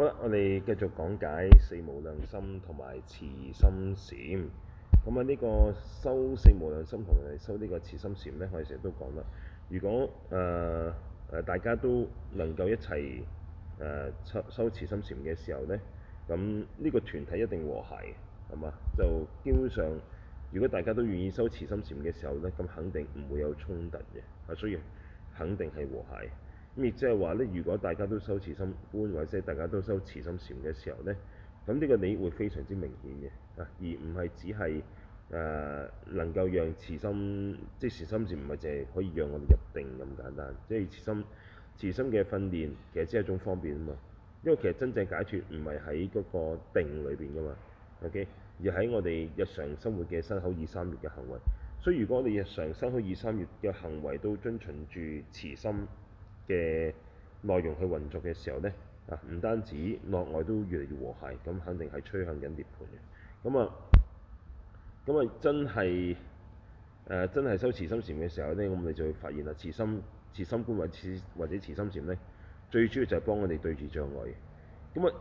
好啦，我哋繼續講解四無量心同埋慈心禪。咁啊，呢個修四無量心同埋修呢個慈心禪呢，我哋成日都講啦。如果誒、呃呃、大家都能夠一齊誒修修慈心禪嘅時候呢，咁、這、呢個團體一定和諧，係嘛？就基本上，如果大家都願意修慈心禪嘅時候呢，咁肯定唔會有衝突嘅，啊，所以肯定係和諧。咁亦即係話咧，如果大家都修慈心觀或者大家都修慈心禪嘅時候呢，咁呢個你會非常之明顯嘅啊，而唔係只係誒、呃、能夠讓慈心即係慈心禪唔係淨係可以讓我哋入定咁簡單，即係慈心慈心嘅訓練其實只係一種方便啊嘛。因為其實真正解脫唔係喺嗰個定裏邊噶嘛，OK? 而喺我哋日常生活嘅身口意三業嘅行為。所以如果我哋日常生活二三月嘅行為都遵循住慈心，嘅內容去運作嘅時候呢，啊唔單止內外都越嚟越和諧，咁肯定係趨向緊涅槃嘅。咁啊，咁啊真係誒、呃、真係修慈心禪嘅時候呢，咁你就會發現啦，慈心慈心觀或或者慈心禪呢，最主要就係幫我哋對住障礙。咁啊，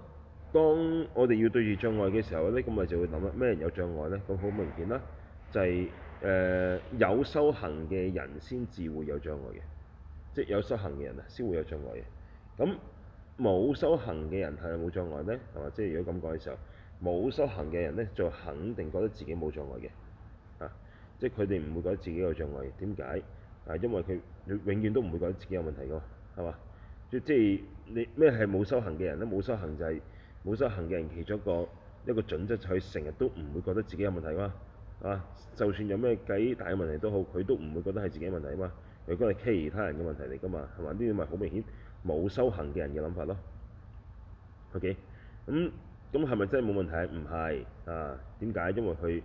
當我哋要對住障礙嘅時候呢，咁啊就會諗「咩人有障礙呢？」咁好明顯啦，就係、是、誒、呃、有修行嘅人先至會有障礙嘅。有修行嘅人啊，先會有障礙嘅。咁冇修行嘅人係冇障礙呢，係嘛？即如果咁講嘅時候，冇修行嘅人呢就肯定覺得自己冇障礙嘅、啊。即即佢哋唔會覺得自己有障礙嘅。點解？啊，因為佢，永遠都唔會覺得自己有問題噶嘛，係嘛？即即係你咩係冇修行嘅人呢？冇修行就係冇修行嘅人，其中一個一個準則就係成日都唔會覺得自己有問題嘛，係、啊、就算有咩計大嘅問題都好，佢都唔會覺得係自己有問題啊嘛。如果係其他人嘅問題嚟㗎嘛，係嘛？呢啲咪好明顯冇修行嘅人嘅諗法咯。O K，咁咁係咪真係冇問題？唔係、okay? 嗯嗯嗯、啊？點解？因為佢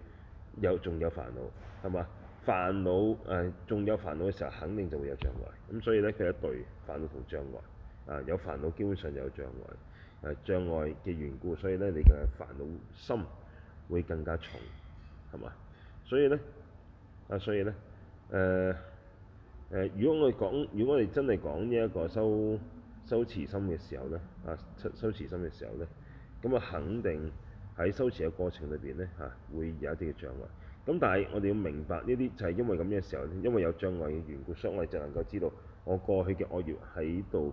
有仲有煩惱，係嘛？煩惱誒，仲、啊、有煩惱嘅時候，肯定就會有障礙。咁、啊、所以咧，佢一對煩惱同障礙啊，有煩惱基本上就有障礙。誒、啊，障礙嘅緣故，所以咧，你嘅煩惱心會更加重，係嘛？所以咧啊，所以咧誒。啊誒，如果我哋講，如果我哋真係講呢一個修修慈心嘅時候咧，啊，修修慈心嘅時候咧，咁啊，肯定喺修慈嘅過程裏邊咧，嚇會有一啲嘅障礙。咁但係我哋要明白呢啲就係因為咁嘅時候，因為有障礙嘅緣故，所以我哋就能夠知道我過去嘅惡業喺度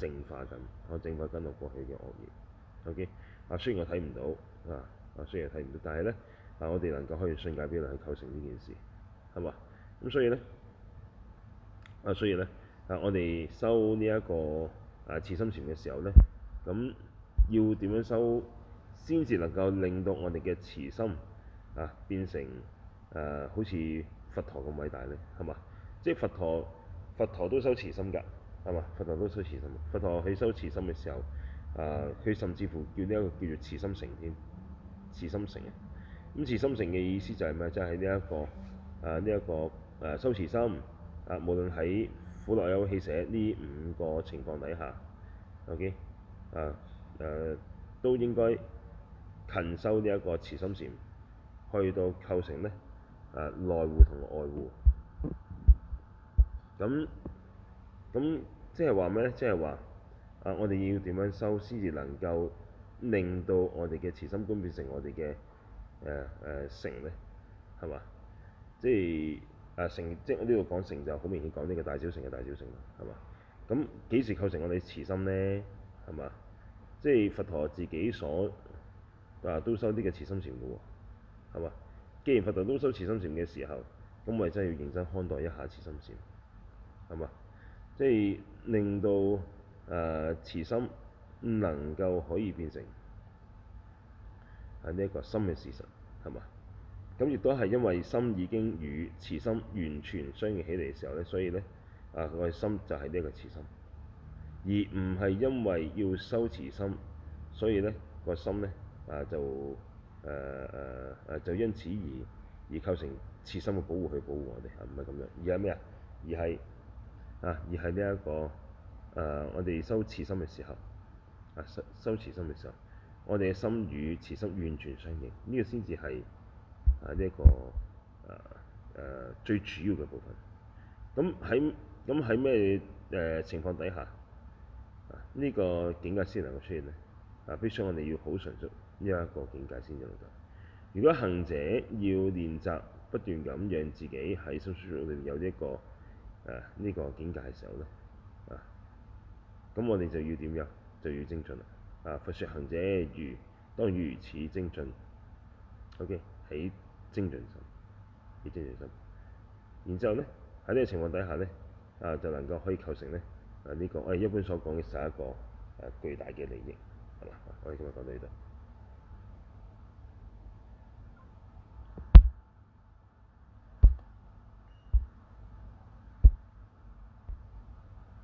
誒淨化緊，我淨化緊我過去嘅惡業。OK，啊雖然我睇唔到啊，啊雖然我睇唔到、啊、到，但係咧啊，我哋能夠可以信解表嚟去構成呢件事，係嘛？咁所以咧。啊，所以咧，啊，我哋修呢、這、一個啊、呃、慈心禪嘅時候咧，咁要點樣修，先至能夠令到我哋嘅慈心啊變成誒、啊、好似佛陀咁偉大咧，係嘛？即係佛陀，佛陀都修慈心㗎，係嘛？佛陀都修慈心，佛陀佢修慈心嘅時候，啊，佢甚至乎叫呢一個叫做慈心禪添，慈心禪。咁、啊、慈心禪嘅意思就係咩？就係呢一個啊，呢、這、一個誒、呃啊、修慈心。啊，無論喺苦樂憂喜捨呢五個情況底下，OK，啊，誒、啊，都應該勤修呢一個慈心禪，去到構成咧，誒、啊、內戶同外戶，咁，咁即係話咩咧？即係話，啊，我哋要點樣修，先至能夠令到我哋嘅慈心觀變成我哋嘅誒誒城咧？係嘛？即、就、係、是。啊誒、啊、成績我呢度講成就，好明顯講呢個大小成嘅大小成，係嘛？咁幾時構成我哋慈心呢？係嘛？即係佛陀自己所嗱、啊、都修呢個慈心禪嘅喎，係嘛？既然佛陀都修慈心禪嘅時候，咁我哋真係要認真看待一下慈心禪，係嘛？即係令到誒、呃、慈心能夠可以變成係呢一個生嘅事實，係嘛？咁亦都係因為心已經與慈心完全相應起嚟嘅時候咧，所以咧啊個心就係呢一個慈心，而唔係因為要修慈心，所以咧個心咧啊就誒誒誒就因此而而構成慈心嘅保護去保護我哋啊，唔係咁樣。而係咩啊？而係、這個、啊，而係呢一個誒，我哋修慈心嘅時候啊，修修慈心嘅時候，我哋嘅心與慈心完全相應，呢、這個先至係。係一個誒誒最主要嘅部分。咁喺咁喺咩誒情況底下，啊呢、這個境界先能夠出現呢？啊必須我哋要好純熟呢一個境界先至能夠。如果行者要練習不斷咁讓自己喺心修養裏面有一、這個誒呢、啊這個境界嘅時候咧，啊咁我哋就要點樣？就要精進啦。啊佛説行者如當如此精進。O.K. 喺精進心，精進心，然之後呢，喺呢個情況底下呢，啊、就能夠可以構成咧呢、啊呢個我哋一般所講嘅十一個、啊、巨大嘅利益，係嘛？我哋今日講到呢度。